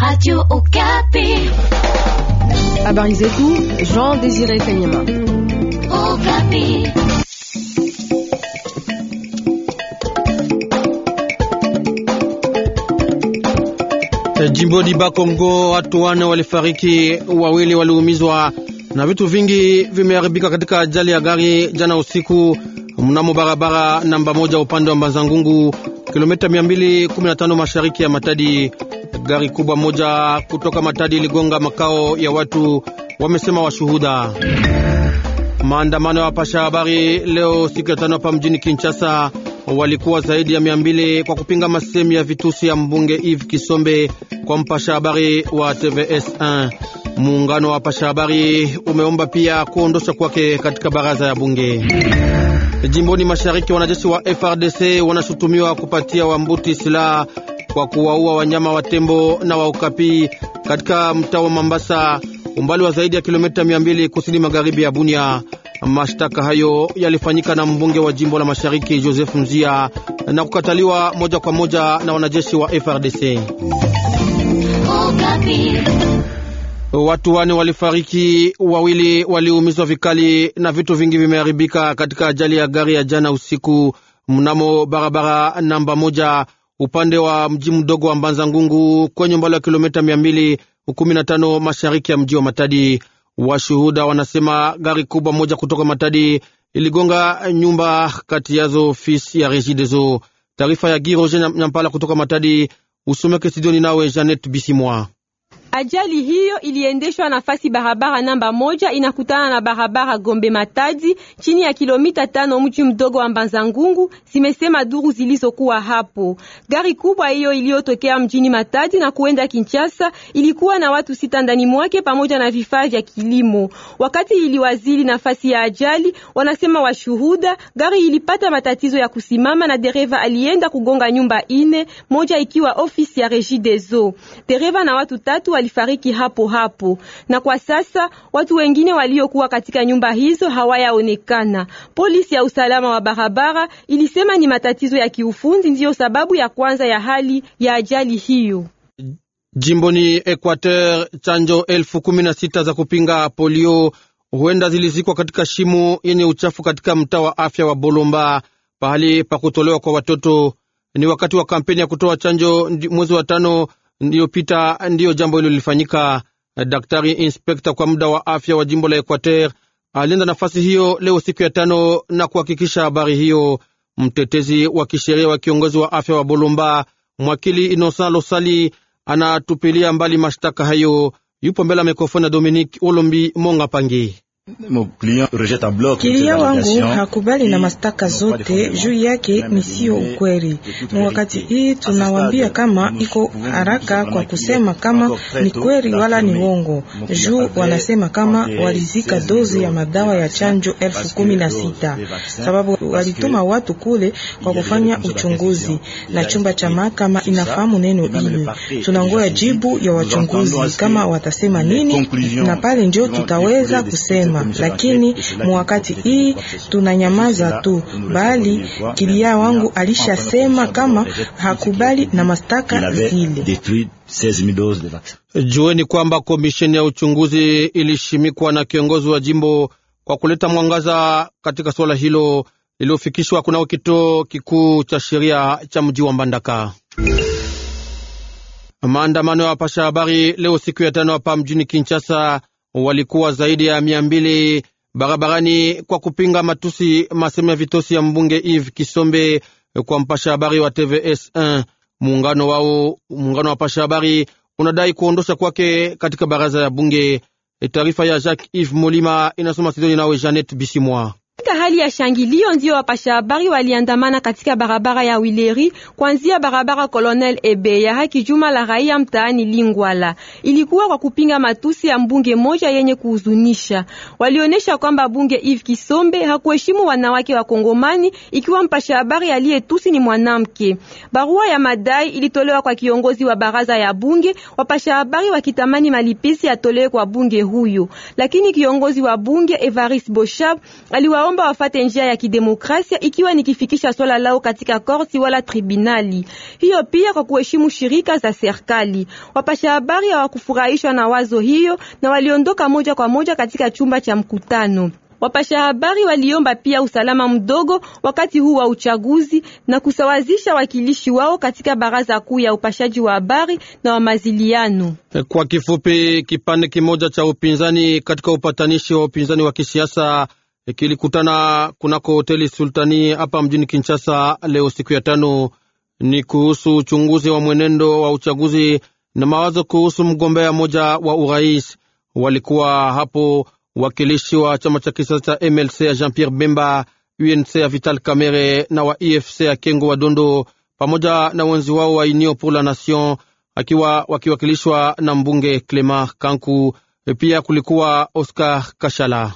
Radio Okapi. Habari zetu Jean Désiré Kanyama. Okapi. Eh, Jimboni Bakongo watu wane walifariki, wawili waliumizwa na vitu vingi vimeharibika katika ajali ya gari jana usiku mnamo barabara namba moja upande wa mbanzangungu kilomita 215 mashariki ya Matadi. Gari kubwa moja kutoka Matadi iligonga makao ya watu, wamesema washuhuda. Maandamano ya wapasha habari leo siku ya tano hapa mjini Kinshasa walikuwa zaidi ya mia mbili kwa kupinga masemi ya vitusi ya mbunge Yves Kisombe kwa mpasha habari wa TVS1. Muungano wa pasha habari umeomba pia kuondosha kwake katika baraza ya bunge. Jimboni mashariki, wanajeshi wa FRDC wanashutumiwa kupatia wambuti silaha kwa kuwaua wanyama wa tembo na wa ukapi katika mtaa wa Mambasa, umbali wa zaidi ya kilomita 200 kusini magharibi ya Bunia. Mashtaka hayo yalifanyika na mbunge wa jimbo la mashariki Joseph Mzia na kukataliwa moja kwa moja na wanajeshi wa FRDC. Watu wane walifariki, wawili waliumizwa vikali na vitu vingi vimeharibika katika ajali ya gari ya jana usiku mnamo barabara namba moja upande wa mji mdogo wa Mbanza Ngungu kwenye umbali wa kilomita mia mbili kumi na tano mashariki ya mji wa Matadi. Washuhuda wanasema gari kubwa moja kutoka Matadi iligonga nyumba kati yazo ofisi ya Regideso. Taarifa ya Giroje Nyampala kutoka Matadi usomeke studioni nawe Janet Bisimwa. Ajali hiyo iliendeshwa nafasi barabara namba moja inakutana na barabara Gombe Matadi chini ya kilomita tano mji mdogo wa Mbanzangungu, zimesema duru zilizokuwa hapo. Gari kubwa hiyo iliyotokea mjini Matadi na kuenda Kinshasa ilikuwa na watu sita ndani mwake pamoja na vifaa vya kilimo. Wakati iliwazili nafasi ya ajali, wanasema washuhuda, gari ilipata matatizo ya kusimama na dereva alienda kugonga nyumba ine, moja ikiwa ofisi ya Regideso. Dereva na watu tatu walifariki hapo hapo, na kwa sasa watu wengine waliokuwa katika nyumba hizo hawayaonekana. Polisi ya usalama wa barabara ilisema ni matatizo ya kiufundi ndiyo sababu ya kwanza ya hali ya ajali hiyo. Jimboni Equateur, chanjo elfu kumi na sita za kupinga polio huenda zilizikwa katika shimo yenye uchafu katika mtaa wa afya wa Bolomba, pahali pa kutolewa kwa watoto. Ni wakati wa kampeni ya kutoa chanjo mwezi wa tano iliyopita ndiyo jambo hilo lilifanyika. Daktari inspekta kwa muda wa afya wa jimbo la Equateur alienda nafasi hiyo leo siku ya tano na kuhakikisha habari hiyo. Mtetezi wa kisheria wa kiongozi wa afya wa Bolomba, mwakili Inosa Losali, anatupilia mbali mashtaka hayo. Yupo mbele ya mikrofoni ya Dominique Olombi Monga Pangi. Kilia wangu hakubali na mastaka zote juu yake, ni sio ukweli. wakati hii tunawambia kama iko haraka kwa kusema kama ni kweli wala ni wongo, juu wanasema kama walizika dozi ya madawa ya chanjo elfu kumi na sita sababu walituma watu kule kwa kufanya uchunguzi, na chumba cha mahakama inafahamu neno hili. Tunangoya jibu ya wachunguzi kama watasema nini, na pale njo tutaweza kusema kusema, lakini mwakati hii tunanyamaza tu, bali kilia wangu alishasema kama hakubali na mastaka zile. Jueni kwamba komisheni ya uchunguzi ilishimikwa na kiongozi wa jimbo kwa kuleta mwangaza katika suala hilo lililofikishwa kunao kituo kikuu cha sheria cha mji wa Mbandaka. Maandamano ya wapasha habari leo siku ya tano hapa mjini Kinshasa walikuwa zaidi ya mia mbili barabarani kwa kupinga matusi, maseme ya vitosi ya mbunge Eve Kisombe kwa mpasha habari wa TVS1. Muungano wao muungano wa pasha habari unadai kuondosha kwake katika baraza ya bunge. E, taarifa ya Jacques eve Molima inasoma Sidoni nawe Janet Bisimwa. Katika hali ya shangilio ndiyo wapasha habari waliandamana katika barabara ya Wileri kuanzia barabara Colonel Ebeya haki juma la raia mtaani Lingwala. Ilikuwa kwa kupinga matusi ya mbunge moja yenye kuhuzunisha. Walionyesha kwamba bunge Eve Kisombe hakuheshimu wanawake wa Kongomani, ikiwa mpasha habari aliyetusi ni mwanamke. Barua ya madai ilitolewa kwa kiongozi wa baraza ya bunge, wapasha habari wakitamani malipizi yatolewe kwa bunge huyo, lakini kiongozi wa bunge Evaris Boshab aliwa wanaomba wafate njia ya kidemokrasia ikiwa ni kifikisha swala lao katika korti wala tribunali hiyo, pia kwa kuheshimu shirika za serikali. Wapasha habari hawakufurahishwa na wazo hiyo na waliondoka moja kwa moja katika chumba cha mkutano. Wapasha habari waliomba pia usalama mdogo wakati huu wa uchaguzi na kusawazisha wakilishi wao katika baraza kuu ya upashaji wa habari na wa maziliano. Kwa kifupi, kipande kimoja cha upinzani katika upatanishi wa upinzani wa kisiasa kilikutana kunako hoteli Sultani hapa mjini Kinshasa leo siku ya tano. Ni kuhusu uchunguzi wa mwenendo wa uchaguzi na mawazo kuhusu mgombea mmoja wa urais. Walikuwa hapo wakilishi wa chama cha kisasa cha MLC ya Jean Pierre Bemba, UNC ya Vital camere na wa EFC ya Kengo wa Dondo pamoja na wenzi wao wa Union pour la Nation akiwa wakiwakilishwa na mbunge Clemar Kanku. Pia kulikuwa Oscar Kashala.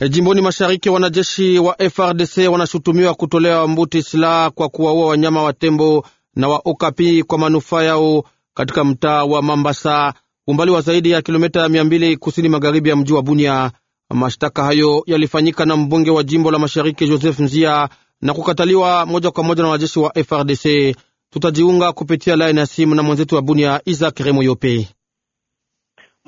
Eh, jimboni mashariki wanajeshi wa FRDC wanashutumiwa kutolewa mbuti silaha kwa kuwaua wanyama wa tembo na wa okapi kwa manufaa yao katika mtaa wa Mambasa, umbali wa zaidi ya kilomita mia mbili kusini magharibi ya mji wa Bunia. Mashtaka hayo yalifanyika na mbunge wa jimbo la mashariki Joseph Nzia na kukataliwa moja kwa moja na wanajeshi wa FRDC. Tutajiunga kupitia laini ya simu na mwenzetu wa Bunia Isaac Remo Yope.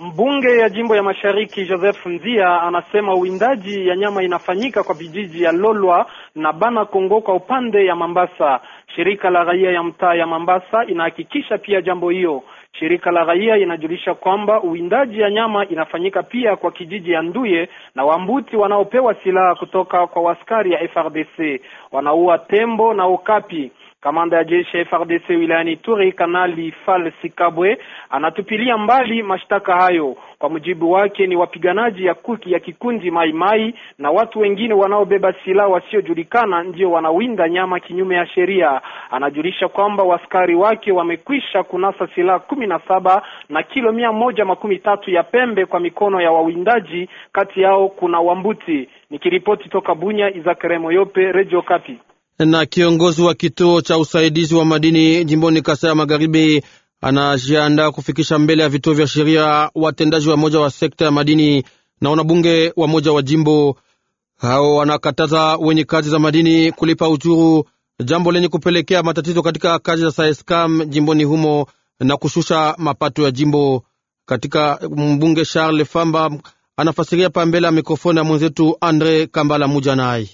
Mbunge ya jimbo ya Mashariki Joseph Nzia anasema uwindaji ya nyama inafanyika kwa vijiji ya Lolwa na Bana Kongo kwa upande ya Mambasa. Shirika la raia ya mtaa ya Mambasa inahakikisha pia jambo hiyo. Shirika la raia inajulisha kwamba uwindaji ya nyama inafanyika pia kwa kijiji ya Nduye na Wambuti wanaopewa silaha kutoka kwa waskari ya FRDC. Wanaua tembo na okapi. Kamanda ya jeshi ya frdc wilayani Turi, Kanali Fal Sikabwe, anatupilia mbali mashtaka hayo. Kwa mujibu wake, ni wapiganaji ya kuki ya kikundi Maimai mai, na watu wengine wanaobeba silaha wasiojulikana ndio wanawinda nyama kinyume ya sheria. Anajulisha kwamba waskari wake wamekwisha kunasa silaha kumi na saba na kilo mia moja makumi tatu ya pembe kwa mikono ya wawindaji, kati yao kuna Wambuti. Nikiripoti toka Bunya, Izakare Moyope, Radio Kapi na kiongozi wa kituo cha usaidizi wa madini jimboni Kasai ya Magharibi anajiandaa kufikisha mbele ya vituo vya sheria watendaji wa moja wa sekta ya madini na wanabunge wa moja wa jimbo. Hao wanakataza wenye kazi za madini kulipa ushuru, jambo lenye kupelekea matatizo katika kazi za Saescam jimboni humo na kushusha mapato ya jimbo. Katika mbunge Charles Famba anafasiria pambele ya mikrofoni ya mwenzetu Andre Kambala Mujanai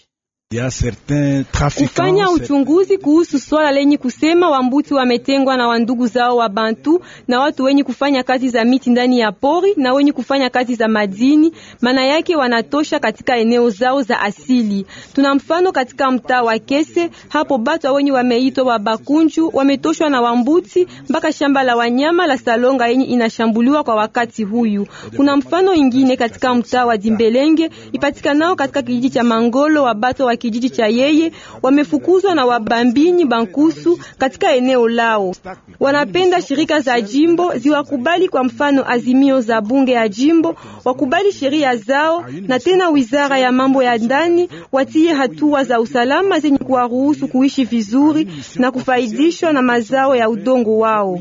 ya certain kufanya uchunguzi kuhusu swala lenye kusema wambuti wametengwa na wandugu zao wa Bantu na watu wenye kufanya kazi za miti ndani ya pori na wenye kufanya kazi za madini, maana yake wanatosha katika eneo zao za asili. Tuna mfano katika mtaa wa Kese, hapo batwa wenye wameitwa Wabakunju wametoshwa na wambuti mpaka shamba la wanyama la Salonga yenye inashambuliwa kwa wakati huyu. Kuna mfano ingine katika mtaa wa Dimbelenge ipatikanao katika kijiji cha Mangolo wa batwa wa kijiji cha Yeye wamefukuzwa na Wabambinyi Bankusu katika eneo lao. Wanapenda shirika za jimbo ziwakubali, kwa mfano azimio za bunge ya jimbo, wakubali sheria zao, na tena wizara ya mambo ya ndani watie hatua za usalama zenye kuwaruhusu kuishi vizuri na kufaidishwa na mazao ya udongo wao.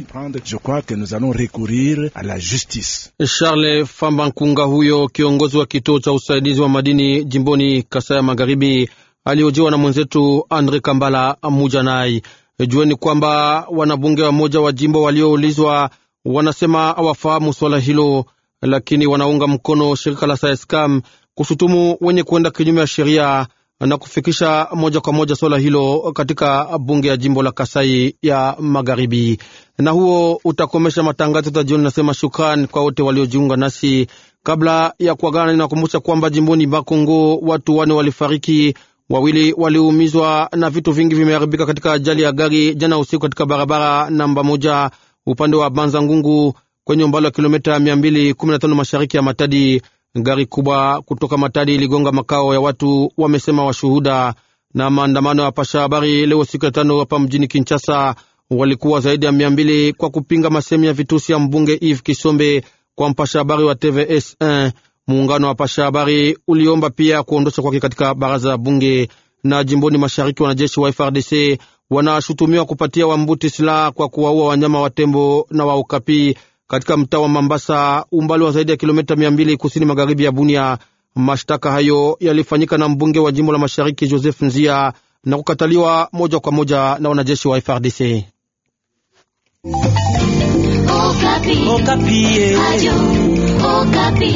Charles Fambankunga huyo kiongozi wa kituo cha usaidizi wa madini jimboni Kasai ya Magharibi aliojiwa na mwenzetu Andre Kambala Mujanai. Jueni kwamba wanabunge wamoja wa jimbo walioulizwa wanasema hawafahamu swala hilo, lakini wanaunga mkono shirika la Saescam kushutumu wenye kuenda kinyume ya sheria na kufikisha moja kwa moja swala hilo katika bunge ya jimbo la Kasai ya Magharibi. Na huo utakomesha matangazo ya jioni. Nasema shukran kwa wote waliojiunga nasi. Kabla ya kuagana, ninakumbusha kwamba jimboni Bakongo watu wane walifariki Wawili waliumizwa na vitu vingi vimeharibika katika ajali ya gari jana usiku katika barabara namba moja upande wa Banza Ngungu kwenye umbali wa kilomita 215 mashariki ya Matadi. Gari kubwa kutoka Matadi iligonga makao ya watu, wamesema washuhuda. Na maandamano ya pasha habari leo siku ya tano hapa mjini Kinshasa walikuwa zaidi ya mia mbili kwa kupinga masemi ya vitusi ya mbunge Eve Kisombe kwa mpasha habari wa TVS1 Muungano wa pasha habari uliomba pia kuondosha kwake katika baraza la bunge. Na jimboni mashariki, wanajeshi wa FRDC wanashutumiwa kupatia Wambuti silaha kwa kuwaua wanyama wa tembo na wa ukapi katika mtaa wa Mambasa, umbali wa zaidi ya kilomita mia mbili kusini magharibi ya Bunia. Mashtaka hayo yalifanyika na mbunge wa jimbo la mashariki Joseph Nzia na kukataliwa moja kwa moja na wanajeshi wa FRDC. Okapi. Oh, Okapi. Oh, Okapi.